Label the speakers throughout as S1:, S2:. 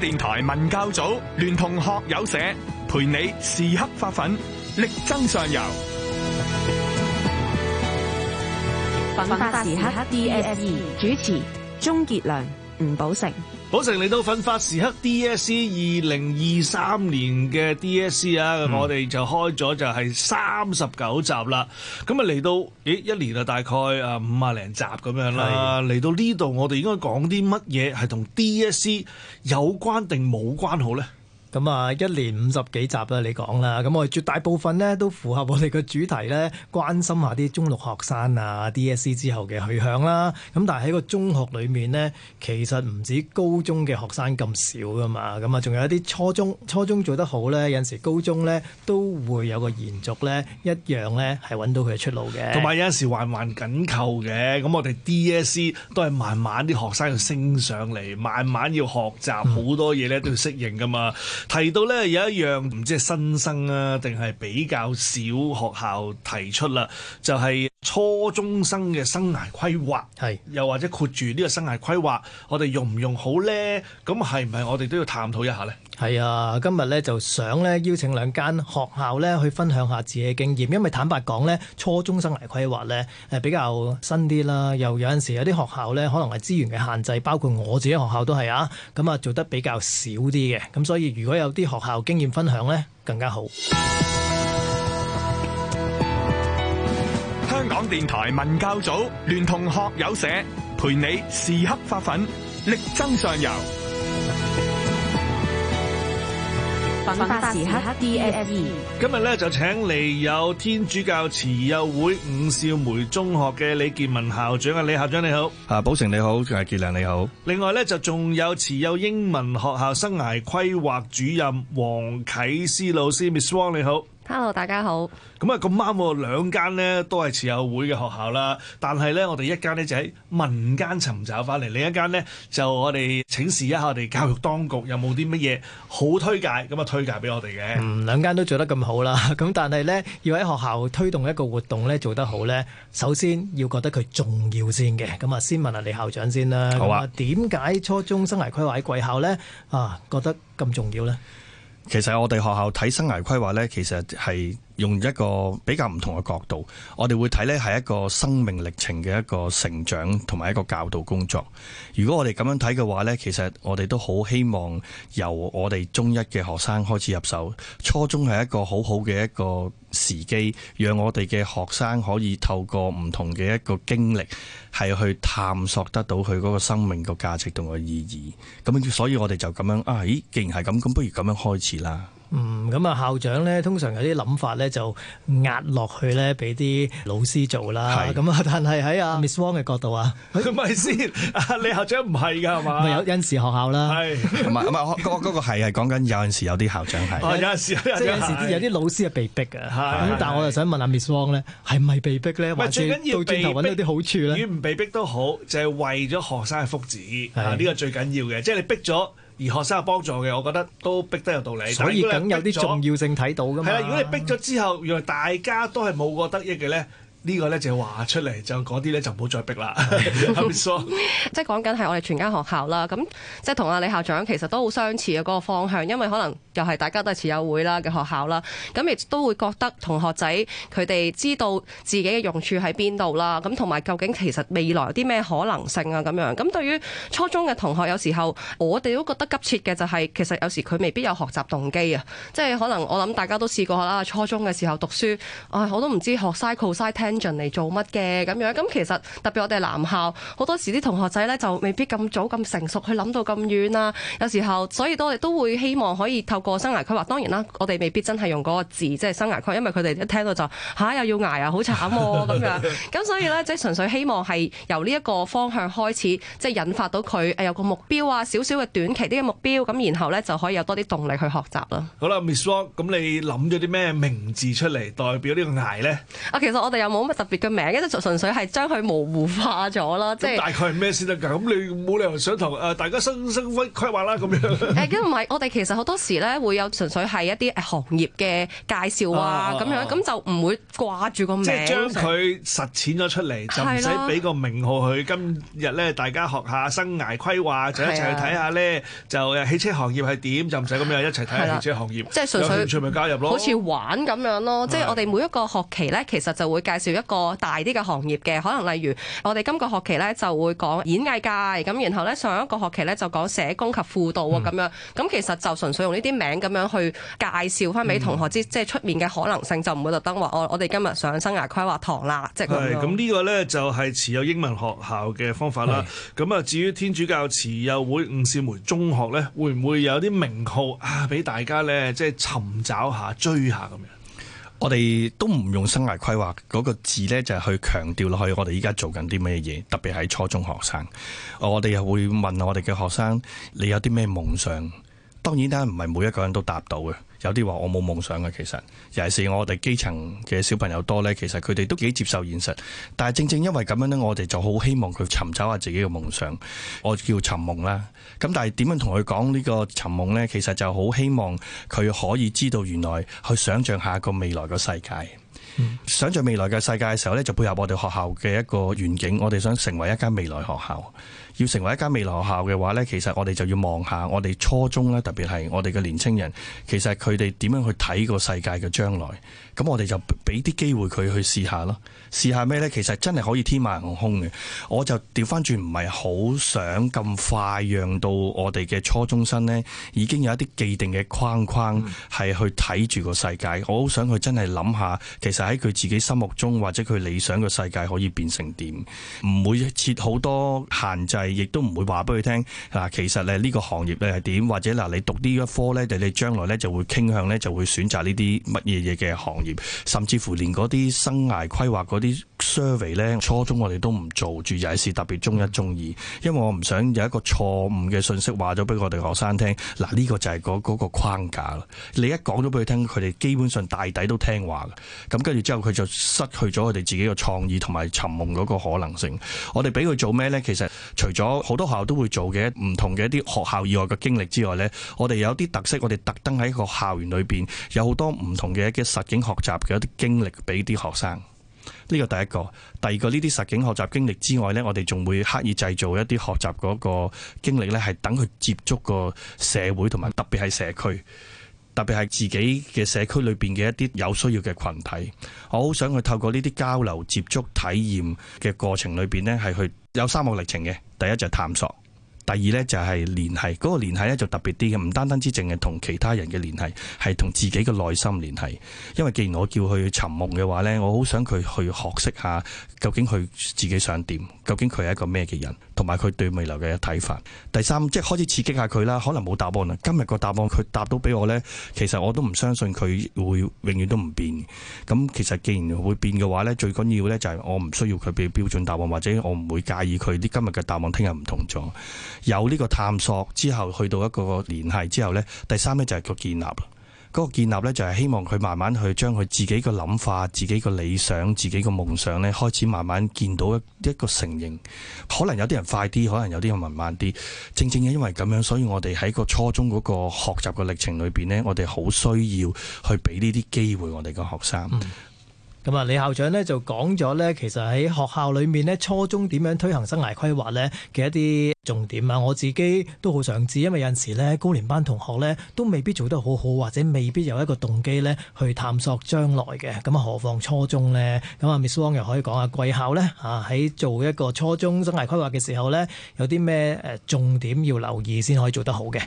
S1: 電台文教組聯同學友社陪你時刻發奮，力爭上遊。
S2: 奮發時刻 DSE 主持：鍾杰良、吳寶成。
S1: 好成嚟到奮發時刻 DSC 二零二三年嘅 DSC 啊，我哋就開咗就係三十九集啦。咁啊嚟到，咦，一年啊大概是的 啊五啊零集咁樣啦。嚟到
S3: 呢度我哋應該講啲乜嘢係同 DSC 有關定冇關好咧？咁啊，嗯，一年五十幾集啦，你講啦。咁我哋絕大部分咧都符合我哋嘅主題咧，關心下啲中六學生啊，DSE 之後嘅去向啦。咁但係喺個中學裏面咧，其實唔止高中嘅學生咁少噶嘛。咁啊，仲有一啲初中，初中做得好咧，有陣時高中咧都會有個延續咧，一樣咧係揾到佢嘅出路嘅。同埋
S1: 有陣時環環緊扣嘅。咁我哋 DSE 都係慢慢啲學生要升上嚟，慢慢要學習好多嘢咧都要適應噶嘛。提到咧有一樣唔知係新生啊定係比較少學校提出啦，就係、是。初中生嘅生涯規劃，係是又或者括住呢個生涯規劃，我哋用唔用好呢？咁係唔係我哋都要探討一下呢？
S3: 係啊，今日呢就想呢邀請兩間學校呢去分享下自己嘅經驗，因為坦白講呢，初中生涯規劃呢係比較新啲啦，又有陣時有啲學校呢可能係資源嘅限制，包括我自己學校都係啊，咁啊做得比較少啲嘅，咁所以如果有啲學校經驗分享呢，更加好。
S1: 香港電台文教組聯同學友社陪你時刻發奮，力爭上游。奮
S2: 發時刻 DSE。
S1: 今日咧就請嚟有天主教慈幼會伍少梅中學嘅李建文校長啊，李校長你好，
S4: 啊寶成你好，啊杰良你
S1: 好。另外咧就仲有慈幼英文學校生涯規劃主任黃啟思老師 Miss Wong 你好。
S2: hello，大家好。
S1: 咁啊，咁啱喎，兩間咧都係慈幼會嘅學校啦。但係咧，我哋一間咧就喺民間尋找翻嚟，另一間咧就我哋請示一下我哋教育當局有冇啲乜嘢好推介，咁啊推介俾我哋嘅。嗯，
S3: 兩間都做得咁好啦。咁但係咧，要喺學校推動一個活動咧做得好咧，首先要覺得佢重要先嘅。咁啊，先問下李校長先啦。好啊。點解初中生涯規劃喺貴校咧啊覺得咁重要
S4: 咧？其實我哋學校睇生涯規劃呢，其實係用一個比較唔同嘅角度，我哋會睇呢係一個生命歷程嘅一個成長同埋一個教導工作。如果我哋咁樣睇嘅話呢，其實我哋都好希望由我哋中一嘅學生開始入手，初中係一個好好嘅一個。時機，讓我哋嘅學生可以透過唔同嘅一個經歷，係去探索得到佢嗰個生命個價值同個意義。咁所以我哋就咁樣啊！咦，既然係咁，咁不如咁樣開始啦。
S3: 嗯，咁啊校長咧，通常有啲諗法咧，就壓落去咧，俾啲老師做啦。咁啊，但係喺阿 Miss Wong 嘅角度啊，唔咪先，李校長唔係㗎係嘛？
S4: 有陣時學校啦，係咁啊，唔係嗰嗰個係係講緊有陣時有啲校長係，有
S3: 陣時有啲有啲老師係被逼嘅。咁但係我又想問下 Miss Wong 咧，係唔係被逼咧，或者到最後揾到啲好處啦。
S1: 如果唔被逼都好，就係為咗學生嘅福祉，呢個最緊要嘅。即係你逼咗。而學生有幫助嘅，我覺得都逼得有道理，所以梗有啲重要性睇到㗎嘛。係啊，如果你逼咗之後，原來大家都係冇個得益嘅咧。呢個呢就話出嚟，就嗰啲呢就唔好再逼啦。 即
S2: 係講緊係我哋全間學校啦，咁即係同阿李校長其實都好相似嘅、啊、嗰、嗰個方向，因為可能又係大家都係慈幼會啦嘅學校啦，咁亦都會覺得同學仔佢哋知道自己嘅用處喺邊度啦，咁同埋究竟其實未來有啲咩可能性啊咁樣。咁對於初中嘅同學，有時候我哋都覺得急切嘅就係、係、其實有時佢未必有學習動機啊，即係可能我諗大家都試過啦，初中嘅時候讀書，我都唔知學嚟做乜嘅咁樣？咁其實特別我哋男校好多時啲同學仔咧就未必咁早咁成熟去諗到咁遠啊。有時候所以都我哋都會希望可以透過生涯規劃。當然啦，我哋未必真係用嗰個字，即係生涯規劃，因為佢哋一聽到就吓、啊、又要挨啊，好慘咁樣。咁 所以咧即係純粹希望係由呢一個方向開始，即係引發到佢誒有個目標啊，少少嘅短期啲嘅目標。咁然後咧就可以有多啲動力去學習咯、
S1: 啊。好啦，Miss Wong，咁你諗咗啲咩名字出嚟代表呢個挨咧？
S2: 啊，其實我哋有冇？咁特別嘅名，咁就純粹係將佢模糊化咗咯，即係。咁大
S1: 概係咩先得㗎？咁你冇理由想同誒，大家生生規劃啦咁樣。誒，
S2: 因為唔係，我哋其實好多時咧，會有純粹係一啲行業嘅介紹啊，咁樣，咁就唔會掛住個名。即係將佢
S1: 實踐咗出嚟，就唔使俾個名號佢。今日咧，大家學下生涯規劃，就一齊去睇下咧，就汽車行業係點，就唔使咁樣一齊睇下汽車行業。即係純粹，興趣咪加入咯。好似
S2: 玩咁樣咯，即係我哋每一個學期咧，其實就會介紹。一個大啲嘅行業嘅，可能例如我哋今個學期咧就會講演藝界，咁然後咧上一個學期咧就講社工及輔導啊咁、嗯、樣，咁其實就純粹用呢啲名咁樣去介紹翻俾同學知，嗯、即係出面嘅可能性就唔會特登話我我哋今日上生涯規劃堂啦，即係咁樣。係，咁
S1: 呢個咧就係、是、慈幼英文學校嘅方法啦。咁啊是，至於天主教慈幼會伍少梅中學咧，會唔會有啲名號啊
S4: 俾大家咧即係尋找下、追下咁樣？我哋都唔用生涯規劃嗰個字呢，就係去強調落去我哋依家做緊啲咩嘢，特別係初中學生，我哋又會問我哋嘅學生，你有啲咩夢想？當然啦，唔係每一個人都答到嘅，有啲話我冇夢想嘅。其實尤其是我哋基層嘅小朋友多呢，其實佢哋都幾接受現實，但係正正因為咁樣呢，我哋就好希望佢尋找下自己嘅夢想，我叫尋夢啦。咁但係點樣同佢講呢個尋夢咧？其實就好希望佢可以知道原來去想象下一個未來嘅世界。嗯、想象未來嘅世界嘅時候咧，就配合我哋學校嘅一個願景，我哋想成為一間未來學校。要成為一間未來學校嘅話咧，其實我哋就要望下我哋初中咧，特別係我哋嘅年青人，其實佢哋點樣去睇個世界嘅將來？咁我哋就俾啲機會佢去試下咯。試下咩咧？其實真係可以天馬行空嘅。我就調翻轉，唔係好想咁快讓到我哋嘅初中生咧，已經有一啲既定嘅框框係去睇住個世界。嗯、我好想去真係諗下，其實。就喺佢自己心目中，或者佢理想嘅世界可以變成點，唔會設好多限制，亦都唔會話俾佢聽嗱，其實咧呢個行業咧係點，或者嗱你讀呢一科咧，定你將來咧就會傾向咧就會選擇呢啲乜嘢嘢嘅行業，甚至乎連嗰啲生涯規劃嗰啲 survey 咧，初中我哋都唔做住，尤其是特別中一中二，因為我唔想有一個錯誤嘅信息話咗俾我哋學生聽，嗱、這、呢個就係嗰嗰個框架，你一講咗俾佢聽，佢哋基本上大抵都聽話咁。跟住之後，佢就失去咗佢哋自己嘅創意同埋尋夢嗰個可能性。我哋俾佢做咩呢？其實除咗好多學校都會做嘅唔同嘅一啲學校以外嘅經歷之外呢，我哋有啲特色，我哋特登喺個校園裏邊有好多唔同嘅一啲實境學習嘅一啲經歷，俾啲學生。呢個第一個，第二個呢啲實境學習經歷之外呢，我哋仲會刻意製造一啲學習嗰個經歷呢，係等佢接觸個社會同埋特別係社區。特別係自己嘅社區裏邊嘅一啲有需要嘅群體，我好想去透過呢啲交流、接觸、體驗嘅過程裏邊呢，係去有三個歷程嘅。第一就係探索。第二呢，就係聯繫，嗰個聯繫呢，就特別啲嘅，唔單單之淨係同其他人嘅聯繫，係同自己嘅內心聯繫。因為既然我叫佢尋夢嘅話呢，我好想佢去學識下究竟佢自己想點，究竟佢係一個咩嘅人，同埋佢對未來嘅睇法。第三即係開始刺激下佢啦，可能冇答案啦。今日個答案佢答到俾我呢，其實我都唔相信佢會永遠都唔變。咁其實既然會變嘅話呢，最緊要呢，就係我唔需要佢俾標準答案，或者我唔會介意佢啲今日嘅答案聽日唔同咗。有呢個探索之後，去到一個聯繫之後咧，第三呢就係個建立啦。嗰個建立呢，就係希望佢慢慢去將佢自己個諗法、自己個理想、自己個夢想呢，開始慢慢見到一一個成形。可能有啲人快啲，可能有啲人慢慢啲。正正係因為咁樣，所以我哋喺個初中嗰個學習嘅歷程裏邊呢，我哋好需要去俾呢啲機會我哋個學生。嗯
S3: 咁啊，李校長咧就講咗咧，其實喺學校裏面咧，初中點樣推行生涯規劃咧嘅一啲重點啊，我自己都好想知，因為有陣時咧高年班同學咧都未必做得好好，或者未必有一個動機咧去探索將來嘅，咁啊何況初中咧？咁啊，Miss Wong 又可以講下貴校咧啊喺做一個初中生涯規劃嘅時候咧，有啲咩誒重點要留意先可以做得好嘅？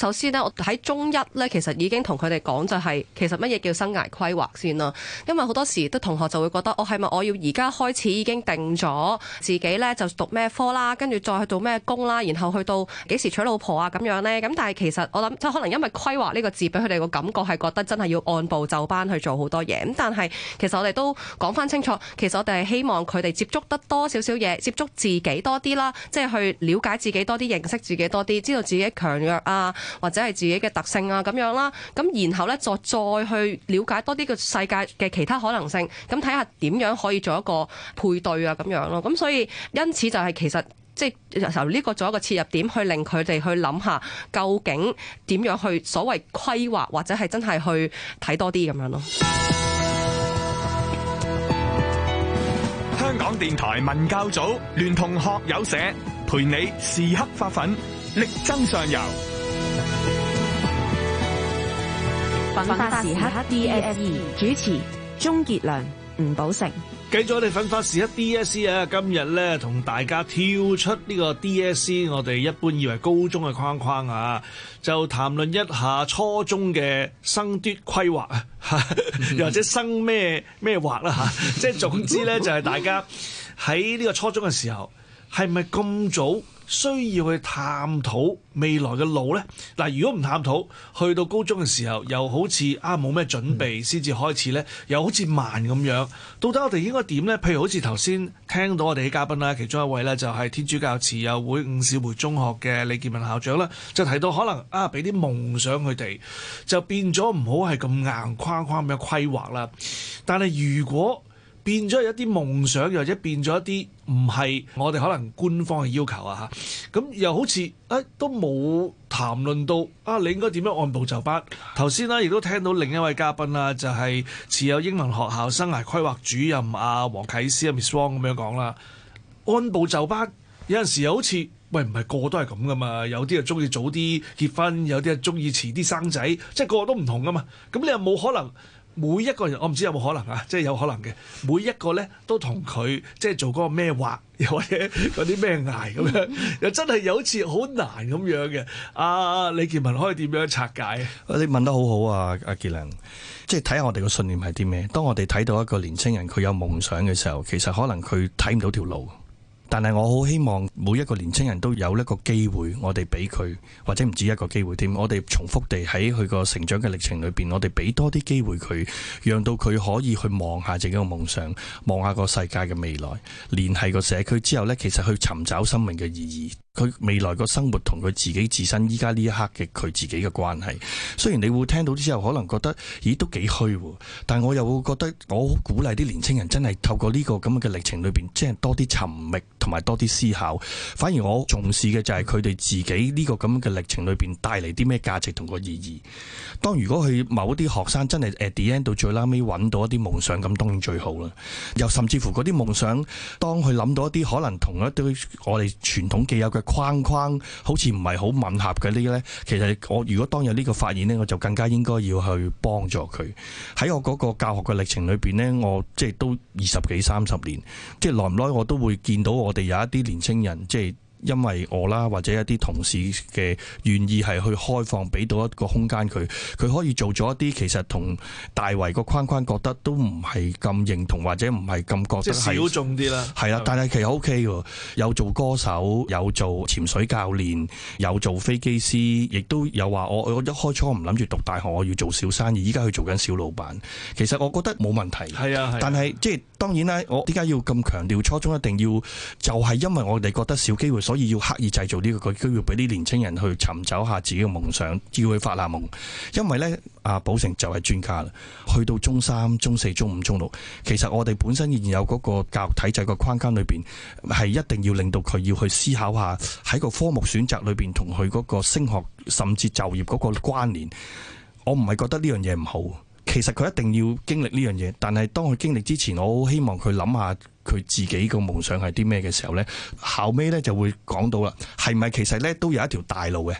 S2: 首先呢，我喺中一呢，其實已經同佢哋講就係其實乜嘢叫生涯規劃先啦。因為好多時啲同學就會覺得，哦係咪我要而家開始已經定咗自己呢？就讀咩科啦，跟住再去做咩工啦，然後去到幾時娶老婆啊咁樣呢。咁但係其實我諗即可能因為規劃呢個字俾佢哋個感覺係覺得真係要按部就班去做好多嘢。咁但係其實我哋都講翻清楚，其實我哋係希望佢哋接觸得多少少嘢，接觸自己多啲啦，即係去了解自己多啲，認識自己多啲，知道自己強弱啊。或者係自己嘅特性啊，咁樣啦，咁然後呢，再再去了解多啲個世界嘅其他可能性，咁睇下點樣可以做一個配對啊，咁樣咯。咁所以，因此就係其實即係、就是、由呢個做一個切入點，去令佢哋去諗下究竟點樣去所謂規劃，或者係真係去睇多啲咁樣咯。
S1: 香港電台文教組聯同學友社，陪你時刻發奮，力爭上游。
S2: 奮發時刻 DSE，主持鍾杰良、吳寶成，
S1: 繼續我哋奮發時刻 DSE 啊！今日咧同大家跳出呢個 DSE，我哋一般以為高中嘅框框啊，就談論一下初中嘅生涯規劃啊，又或者生咩咩畫啦吓，即係、啊、總之咧就係、是、大家喺呢個初中嘅時候，係咪咁早？需要去探討未來嘅路呢。嗱，如果唔探討，去到高中嘅時候，又好似啊冇咩準備，先至開始咧，又好似慢咁樣。到底我哋應該點呢？譬如好似頭先聽到我哋啲嘉賓啦，其中一位呢就係、是、天主教慈幼會伍少梅中學嘅李建文校長啦，就提到可能啊，俾啲夢想佢哋，就變咗唔好係咁硬框框咁嘅規劃啦。但係如果，變咗係一啲夢想，又或者變咗一啲唔係我哋可能官方嘅要求啊嚇，咁又好似誒、欸、都冇談論到啊，你應該點樣按部就班？頭先啦，亦都聽到另一位嘉賓啦、啊，就係、是、慈幼英文學校生涯規劃主任啊黃啟思啊 Miss Wong 咁樣講啦、啊，按部就班有陣時又好似喂，唔係個個都係咁噶嘛，有啲啊中意早啲結婚，有啲啊中意遲啲生仔，即係個個都唔同噶嘛，咁你又冇可能？每一個人，我唔知有冇可能啊，即係有可能嘅。每一個咧都同佢即係做嗰個咩畫，又或者嗰啲咩藝咁樣，又真係有次好難咁樣嘅。阿、啊、李建文可以點樣拆解？
S4: 你問得好好啊，阿傑良。即係睇下我哋個信念係啲咩。當我哋睇到一個年青人佢有夢想嘅時候，其實可能佢睇唔到條路。但係我好希望每一個年輕人都有一個機會，我哋俾佢，或者唔止一個機會添。我哋重複地喺佢個成長嘅歷程裏邊，我哋俾多啲機會佢，讓到佢可以去望下自己個夢想，望下個世界嘅未來，聯繫個社區之後呢，其實去尋找生命嘅意義。佢未來個生活同佢自己自身依家呢一刻嘅佢自己嘅關係，雖然你會聽到之後可能覺得，咦都幾虛，但我又會覺得，我好鼓勵啲年青人真係透過呢個咁嘅歷程裏邊，即係多啲尋覓同埋多啲思考。反而我重視嘅就係佢哋自己呢個咁嘅歷程裏邊帶嚟啲咩價值同個意義。當如果佢某啲學生真係誒 d i n 到最拉尾揾到一啲夢想，咁當然最好啦。又甚至乎嗰啲夢想，當佢諗到一啲可能同一堆我哋傳統既有嘅。框框好似唔係好吻合嘅呢？呢，其實我如果當有呢個發現呢，我就更加應該要去幫助佢。喺我嗰個教學嘅歷程裏邊呢，我即係都二十幾三十年，即係耐唔耐我都會見到我哋有一啲年青人即係。因為我啦，或者一啲同事嘅願意係去開放，俾到一個空間佢，佢可以做咗一啲其實同大圍個框框覺得都唔係咁認同，或者唔係咁覺得係。即係少眾啲啦。係啦、啊，吧但係其實 O K 嘅，有做歌手，有做潛水教練，有做飛機師，亦都有話我我一開初唔諗住讀大學，我要做小生意，依家去做緊小老闆。其實我覺得冇問題。係啊，係、啊。但係即係當然啦，我點解要咁強調初中一定要？就係、是、因為我哋覺得小機會。所以要刻意製造呢個，佢都要俾啲年青人去尋找下自己嘅夢想，叫佢發下夢。因為呢，阿保成就係專家啦。去到中三、中四、中五、中六，其實我哋本身現有嗰個教育體制個框架裏邊，係一定要令到佢要去思考下喺個科目選擇裏邊同佢嗰個升學甚至就業嗰個關聯。我唔係覺得呢樣嘢唔好，其實佢一定要經歷呢樣嘢。但係當佢經歷之前，我好希望佢諗下。佢自己個夢想係啲咩嘅時候呢？後尾呢就會講到啦，係咪其實呢都有一條大路嘅？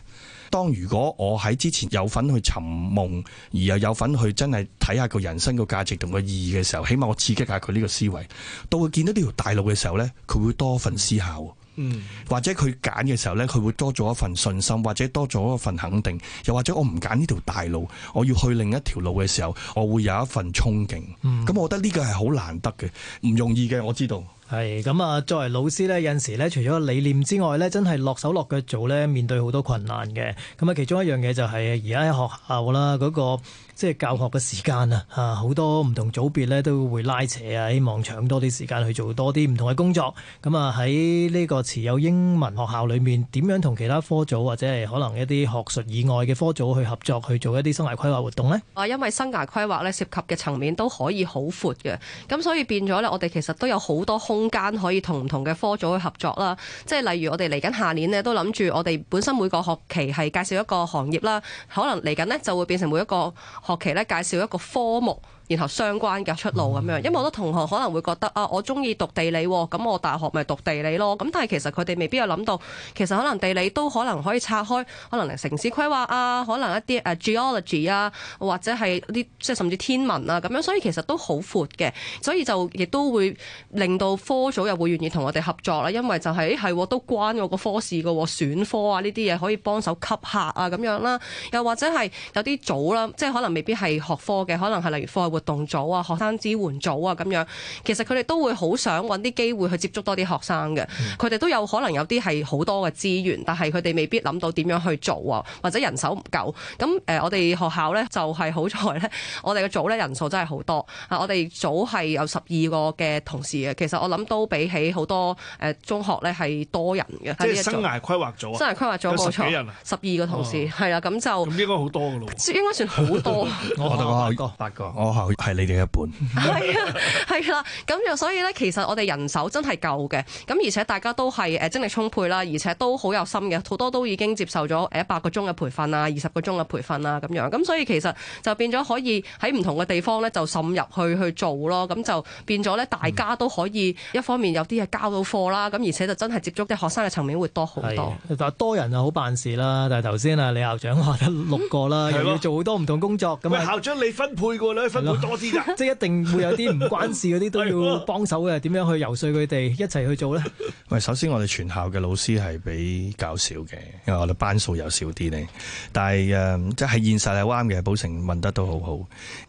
S4: 當如果我喺之前有份去尋夢，而又有份去真係睇下個人生個價值同個意義嘅時候，起碼我刺激下佢呢個思維，到佢見到呢條大路嘅時候呢，佢會多份思考。嗯，或者佢揀嘅時候呢，佢會多做一份信心，或者多做一份肯定，又或者我唔揀呢條大路，我要去另一條路嘅時候，我會有一份憧憬。嗯，咁我覺得呢個係好難得嘅，唔容易嘅，我知道。係咁啊，作為老師呢，有陣時咧，除咗理念之外呢，
S3: 真係落手落腳做呢，面對好多困難嘅。咁啊，其中一樣嘢就係而家喺學校啦，嗰個。即係教學嘅時間啊！嚇，好多唔同組別咧，都會拉扯啊，希望搶多啲時間去做多啲唔同嘅工作。咁啊，喺呢個慈幼英文學校裏面，點樣同其他科組或者係可能一啲學術以外嘅科組去合作去做一啲生涯規劃活動呢？
S2: 啊，因為生涯規劃咧，涉及嘅層面都可以好闊嘅，咁所以變咗咧，我哋其實都有好多空間可以同唔同嘅科組去合作啦。即係例如我哋嚟緊下年呢，都諗住我哋本身每個學期係介紹一個行業啦，可能嚟緊呢就會變成每一個學期咧，介紹一個科目。然後相關嘅出路咁樣，因為好多同學可能會覺得啊，我鍾意讀地理、哦，咁我大學咪讀地理咯。咁但係其實佢哋未必有諗到，其實可能地理都可能可以拆開，可能城市規劃啊，可能一啲誒、uh, geology 啊，或者係啲即係甚至天文啊咁樣。所以其實都好闊嘅，所以就亦都會令到科組又會願意同我哋合作啦，因為就係誒係喎，都關我個科事嘅喎，選科啊呢啲嘢可以幫手吸客啊咁樣啦。又或者係有啲組啦，即係可能未必係學科嘅，可能係例如課外活活動組啊，學生支援組啊，咁樣，其實佢哋都會好想揾啲機會去接觸多啲學生嘅，佢哋、嗯、都有可能有啲係好多嘅資源，但係佢哋未必諗到點樣去做啊，或者人手唔夠。咁誒、呃，我哋學校咧就係好彩咧，我哋嘅組咧人數真係好多啊！我哋組係有十二個嘅同事嘅，其實我諗都比起好多誒中學咧係多人嘅。即係生涯
S4: 規劃組，生涯規劃組有十幾人啊，冇錯，
S2: 十二個同事係啦，咁、哦、就咁應該好多嘅咯，應該算好多。我哋我
S4: 八個，我吓。係你哋一半 ，
S2: 係啊，係啦，咁就所以咧，其實我哋人手真係夠嘅，咁而且大家都係誒精力充沛啦，而且都好有心嘅，好多都已經接受咗誒一百個鐘嘅培訓啊，二十個鐘嘅培訓啊，咁樣，咁所以，所以其實就變咗可以喺唔同嘅地方咧，就滲入去去做咯，咁就變咗咧，大家都可以一方面有啲嘢交到課啦，咁、嗯、而且就真係接觸啲學生嘅層面會多好
S3: 多。但係的多人啊好辦事啦，但係頭先啊李校長話得六個啦，嗯、又要做好多唔同工作咁。的校
S1: 長你分配噶喎，你分。多
S3: 啲啦， 即係一定會有啲唔關事嗰啲都要幫手嘅，點樣去游說佢哋一齊去做咧？
S4: 喂，首先我哋全校嘅老師係比較少嘅，因為我哋班數又少啲咧。但係誒、呃，即係現實係啱嘅。保成問得都好好，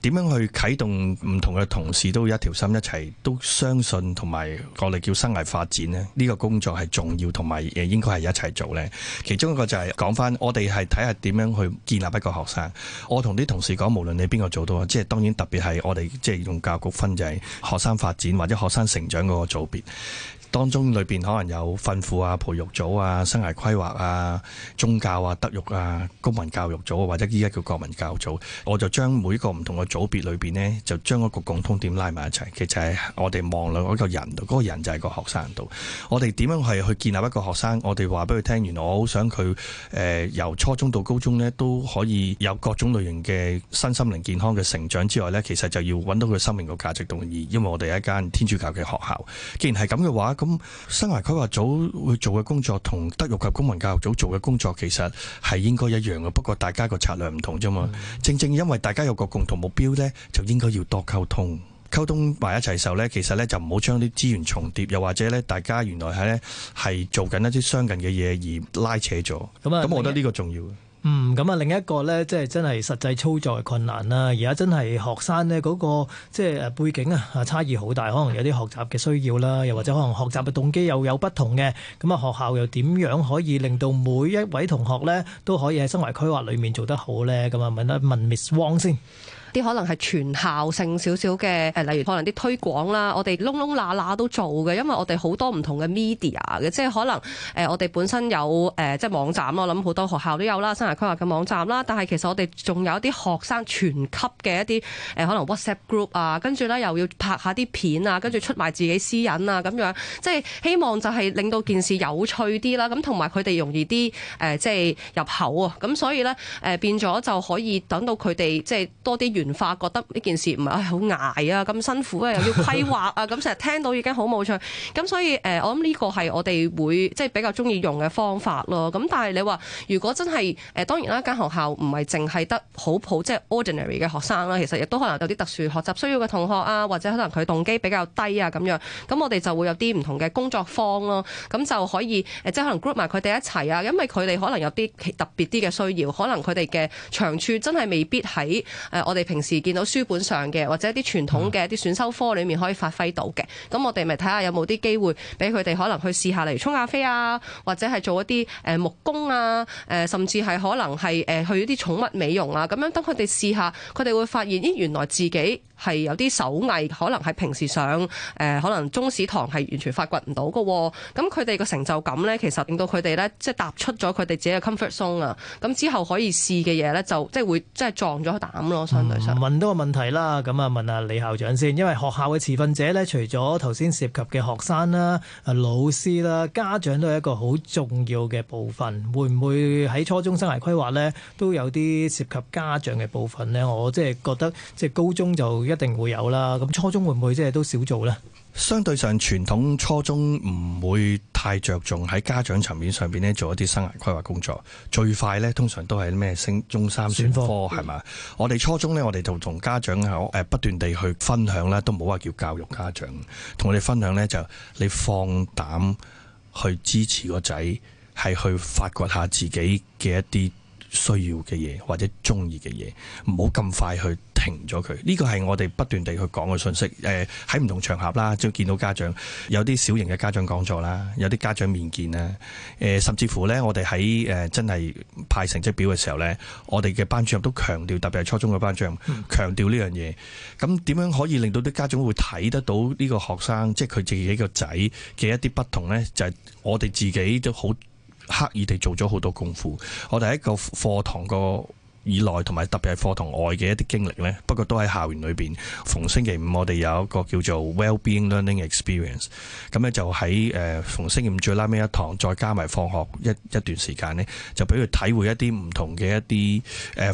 S4: 點樣去啟動唔同嘅同事都一條心一齊，都相信同埋我哋叫生涯發展咧？呢、這個工作係重要，同埋誒應該係一齊做咧。其中一個就係講翻，我哋係睇下點樣去建立一個學生。我同啲同事講，無論你邊個做到，啊，即係當然特。特別係我哋即係用教育局分就係學生發展或者學生成長嗰個組別，當中裏邊可能有訓輔啊、培育組啊、生涯規劃啊、宗教啊、德育啊、公民教育組或者依家叫國民教組，我就將每一個唔同嘅組別裏邊呢，就將一個共通點拉埋一齊。其實係我哋望落嗰個人度，嗰、嗰個人就係個學生度。我哋點樣係去建立一個學生？我哋話俾佢聽，原來我好想佢誒由初中到高中呢，都可以有各種類型嘅身心靈健康嘅成長之外呢，其實就要揾到佢生命個價值同意義，因為我哋係一間天主教嘅學校。既然係咁嘅話，咁生涯規劃組會做嘅工作，同德育及公民教育組做嘅工作，其實係應該一樣嘅。不過大家個策略唔同啫嘛。嗯、正正因為大家有個共同目標呢，就應該要多溝通。溝通埋一齊時候咧，其實呢就唔好將啲資源重疊，又或者呢大家原來係咧係做緊一啲相近嘅嘢而拉扯咗。咁咁、嗯、我覺得呢個重要。嗯
S3: 嗯，咁啊，另一個呢，即係真係實際操作困難啦。而家真係學生呢嗰、嗰個即係背景啊，差異好大，可能有啲學習嘅需要啦，又或者可能學習嘅動機又有不同嘅。咁啊，學校又點樣可以令到每一位同學呢都可以喺生涯規劃裏面做得好呢？咁啊，問一問
S2: Miss Wong 先。啲可能係全校性少少嘅誒，例如可能啲推廣啦，我哋窿窿罅罅都做嘅，因為我哋好多唔同嘅 media 嘅，即係可能誒、呃、我哋本身有誒、呃、即係網站咯，我諗好多學校都有啦，生涯規劃嘅網站啦，但係其實我哋仲有一啲學生全級嘅一啲誒、呃，可能 WhatsApp group 啊，跟住咧又要拍一下啲片啊，跟住出埋自己私隱啊咁樣，即係希望就係令到件事有趣啲啦，咁同埋佢哋容易啲誒、呃、即係入口啊，咁所以咧誒、呃、變咗就可以等到佢哋即係多啲元化覺得呢件事唔係好捱啊，咁辛苦啊，又要規劃啊，咁成日聽到已經好冇趣。咁所以誒，我諗呢個係我哋會即係比較中意用嘅方法咯。咁但係你話如果真係誒，當然啦，一間學校唔係淨係得好普，即係 ordinary 嘅學生啦。其實亦都可能有啲特殊學習需要嘅同學啊，或者可能佢動機比較低啊咁樣。咁我哋就會有啲唔同嘅工作坊咯。咁就可以即係可能 group 埋佢哋一齊啊，因為佢哋可能有啲特別啲嘅需要，可能佢哋嘅長處真係未必喺誒我哋。平時見到書本上嘅或者啲傳統嘅一啲選修科裏面可以發揮到嘅，咁我哋咪睇下有冇啲機會俾佢哋可能去試下，例如沖咖啡啊，或者係做一啲誒木工啊，誒甚至係可能係誒去一啲寵物美容啊，咁樣等佢哋試下，佢哋會發現咦原來自己係有啲手藝，可能係平時上誒、呃，可能中史堂係完全發掘唔到嘅。咁佢哋嘅成就感呢，其實令到佢哋呢，即係踏出咗佢哋自己嘅 comfort zone 啊。咁之後可以試嘅嘢呢，就即係會即係撞咗個膽咯。相對上、
S3: 嗯、問多個問題啦，咁啊問下李校長先，因為學校嘅持份者呢，除咗頭先涉及嘅學生啦、啊、老師啦、啊、家長都係一個好重要嘅部分。會唔會喺初中生涯規劃呢，都有啲涉及家長嘅部分呢？我即係覺得即係高中就。一定會有啦，咁初中會唔會即係都少做呢？
S4: 相對上傳統初中唔會太着重喺家長層面上邊咧，做一啲生涯規劃工作，最快咧通常都係咩升中三選科係嘛選科？我哋初中咧，我哋就同家長可誒不斷地去分享啦，都冇話叫教育家長，同我哋分享呢，就你放膽去支持個仔，係去發掘下自己嘅一啲需要嘅嘢，或者中意嘅嘢，唔好咁快去。停咗佢，呢個係我哋不斷地去講嘅信息。誒、呃，喺唔同場合啦，即見到家長有啲小型嘅家長講座啦，有啲家長面見咧。誒、呃，甚至乎咧、呃，我哋喺誒真係派成績表嘅時候咧，我哋嘅班主任都強調，特別係初中嘅班主任強調呢樣嘢。咁點、嗯、樣可以令到啲家長會睇得到呢個學生，即係佢自己個仔嘅一啲不同咧？就係、是、我哋自己都好刻意地做咗好多功夫。我哋喺個課堂個。以內同埋特別係課堂外嘅一啲經歷呢，不過都喺校園裏邊。逢星期五我哋有一個叫做 Wellbeing Learning Experience，咁咧就喺誒、呃、逢星期五最拉尾一堂，再加埋放學一一段時間呢，就俾佢體會一啲唔同嘅一啲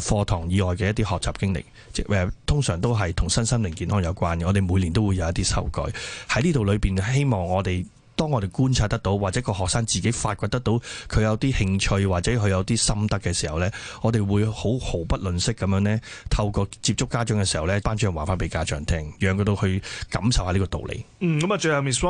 S4: 誒課堂以外嘅一啲學習經歷。即誒、呃，通常都係同身心靈健康有關嘅。我哋每年都會有一啲修改喺呢度裏邊，希望我哋。當我哋觀察得到，或者個學生自己發掘得到佢有啲興趣，或者佢有啲心得嘅時候呢，我哋會好毫不吝惜咁樣呢，透過接觸家長嘅時候呢，班主任話翻俾家長聽，讓佢都去感受下呢個道理。嗯，
S1: 咁啊，最後 Miss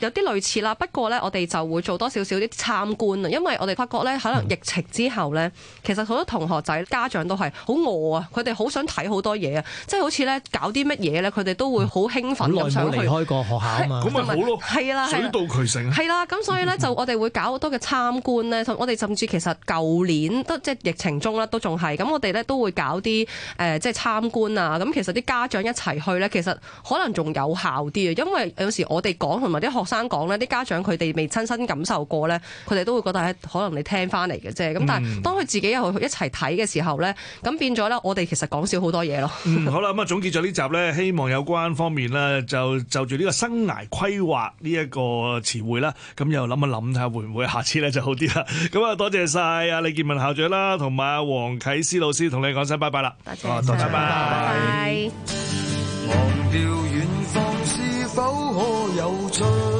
S2: 有啲類似啦，不過咧，我哋就會做多少少啲參觀啊，因為我哋發覺咧，可能疫情之後咧，的其實好多同學仔家長都係好餓啊，佢哋好想睇好多嘢啊，即係好似咧搞啲乜嘢咧，佢哋都會好興奮咁想去。好耐冇離開
S3: 個學校嘛，咁咪好咯，係啦，水到渠成。係
S2: 啦，咁所以咧就我哋會搞好多嘅參觀咧， 我哋甚至其實舊年即係疫情中啦，都仲係咁，我哋咧都會搞啲誒即係參觀啊，咁其實啲家長一齊去咧，其實可能仲有效啲啊，因為有時我哋講同埋啲學生生講呢啲家長佢哋未親身感受過呢，佢哋都會覺得可能你聽翻嚟嘅啫。咁、嗯、但係當佢自己又一齊睇嘅時候呢，咁變咗呢，我哋其實講少好多嘢咯、嗯。
S1: 好啦，咁啊總結咗呢集呢，希望有關方面呢，就就住呢個生涯規劃呢一個詞彙啦，咁又諗一諗睇下會唔會下次呢就好啲啦。咁啊，多謝晒啊李建文校長啦，同埋啊黃啟思老師，同你講聲拜拜啦。多謝，
S2: 多謝，拜拜。拜
S1: 拜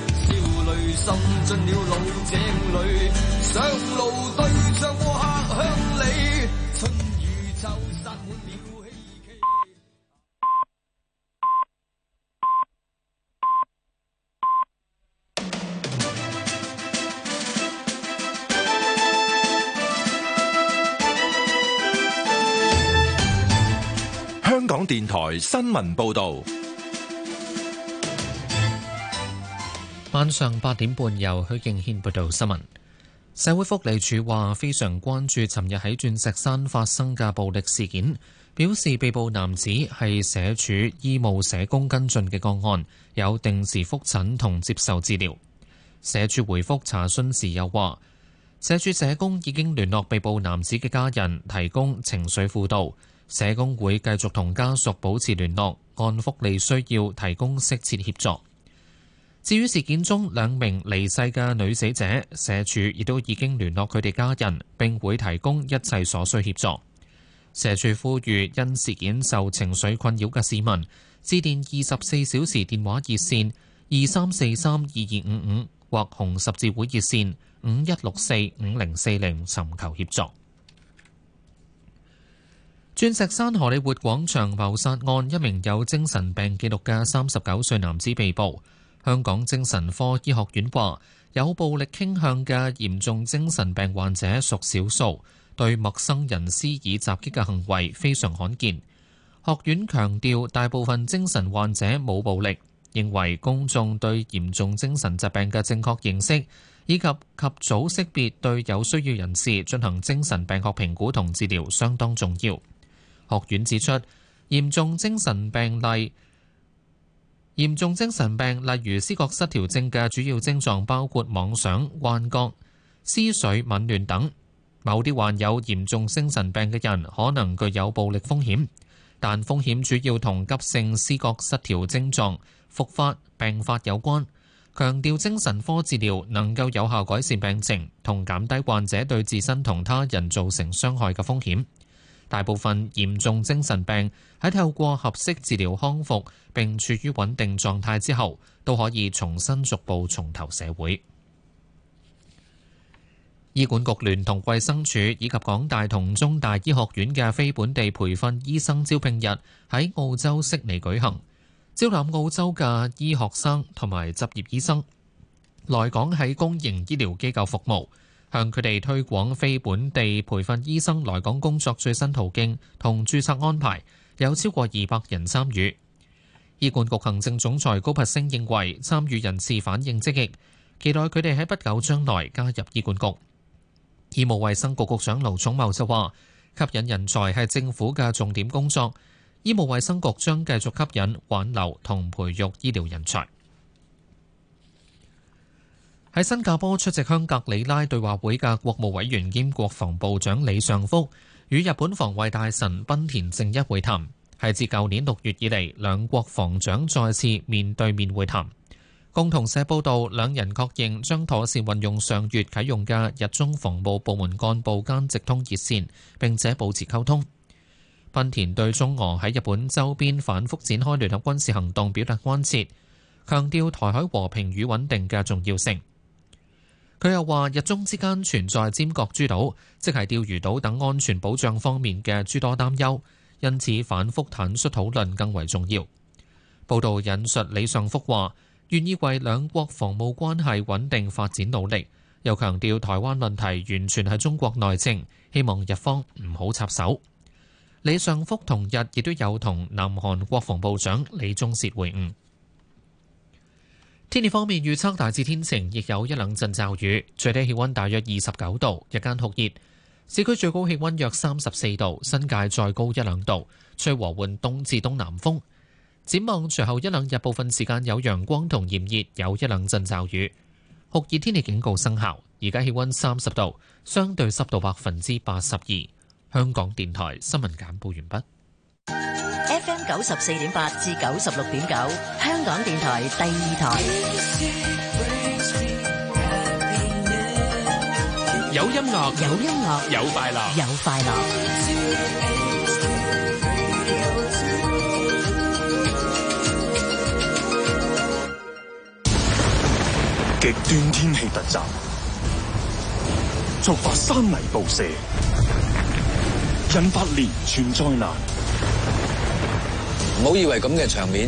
S4: 香港電台新聞報道。
S5: 晚上八點半，由許敬軒報道新聞。社會福利署話非常關注尋日喺鑽石山發生嘅暴力事件，表示被捕男子係社署醫務社工跟進嘅個案，有定時覆診同接受治療。社署回覆查詢時又話，社署社工已經聯絡被捕男子嘅家人，提供情緒輔導。社工會繼續同家屬保持聯絡，按福利需要提供適切協助。至於事件中兩名離世嘅女死者，社署亦都已經聯絡佢哋家人，並會提供一切所需協助。社署呼籲因事件受情緒困擾嘅市民，致電二十四小時電話熱線二三四三二二五五或紅十字會熱線五一六四五零四零尋求協助。鑽石山荷里活廣場謀殺案一名有精神病記錄嘅三十九歲男子被捕。香港精神科醫學院話，有暴力傾向嘅嚴重精神病患者屬少數，對陌生人施以襲擊嘅行為非常罕見。學院強調，大部分精神患者冇暴力，認為公眾對嚴重精神疾病嘅正確認識，以及及早識別對有需要人士進行精神病學評估同治療相當重要。學院指出，嚴重精神病例。嚴重精神病，例如思覺失調症嘅主要症狀包括妄想、幻覺、思緒紊亂等。某啲患有嚴重精神病嘅人可能具有暴力風險，但風險主要同急性思覺失調症狀、復發、病發有關。強調精神科治療能夠有效改善病情，同減低患者對自身同他人造成傷害嘅風險。大部分嚴重精神病喺透過合適治療康復並處於穩定狀態之後，都可以重新逐步重投社會。醫管局聯同衞生署以及港大同中大醫學院嘅非本地培訓醫生招聘日喺澳洲悉尼舉行，招攬澳洲嘅醫學生同埋執業醫生來港喺公營醫療機構服務。向佢哋推廣非本地培訓醫生來港工作最新途徑同註冊安排，有超過二百人參與。醫管局行政總裁高柏星認為參與人士反應積極，期待佢哋喺不久將來加入醫管局。醫務衛生局局長盧寵茂就話：吸引人才係政府嘅重點工作，醫務衛生局將繼續吸引、挽留同培育醫療人才。喺新加坡出席香格里拉對話會嘅國務委員兼國防部長李尚福與日本防衛大臣濱田正一會談，係自舊年六月以嚟兩國防長再次面對面會談。共同社報道，兩人確認將妥善運用上月啟用嘅日中防務部門幹部間直通熱線，並且保持溝通。濱田對中俄喺日本周邊反覆展開聯合軍事行動表達關切，強調台海和平與穩定嘅重要性。佢又話：日中之間存在尖閣諸島，即係釣魚島等安全保障方面嘅諸多擔憂，因此反覆坦率討論更為重要。報道引述李尚福話：願意為兩國防務關係穩定發展努力，又強調台灣問題完全係中國內政，希望日方唔好插手。李尚福同日亦都有同南韓國防部長李宗燮會晤。天氣方面預測大致天晴，亦有一兩陣驟雨，最低氣溫大約二十九度，日間酷熱，市區最高氣溫約三十四度，新界再高一兩度，吹和緩東至東南風。展望隨後一兩日，部分時間有陽光同炎熱，有一兩陣驟雨，酷熱天氣警告生效。而家氣溫三十度，相對濕度百分之八十二。香港電台新聞簡報完畢。FM 九十四點八至九十六點九，香港電台第二台。有音樂，有音樂，有快樂，有快樂。極端天氣突襲，觸發山泥暴射，引發連
S4: 串災難。唔好以為咁嘅場面。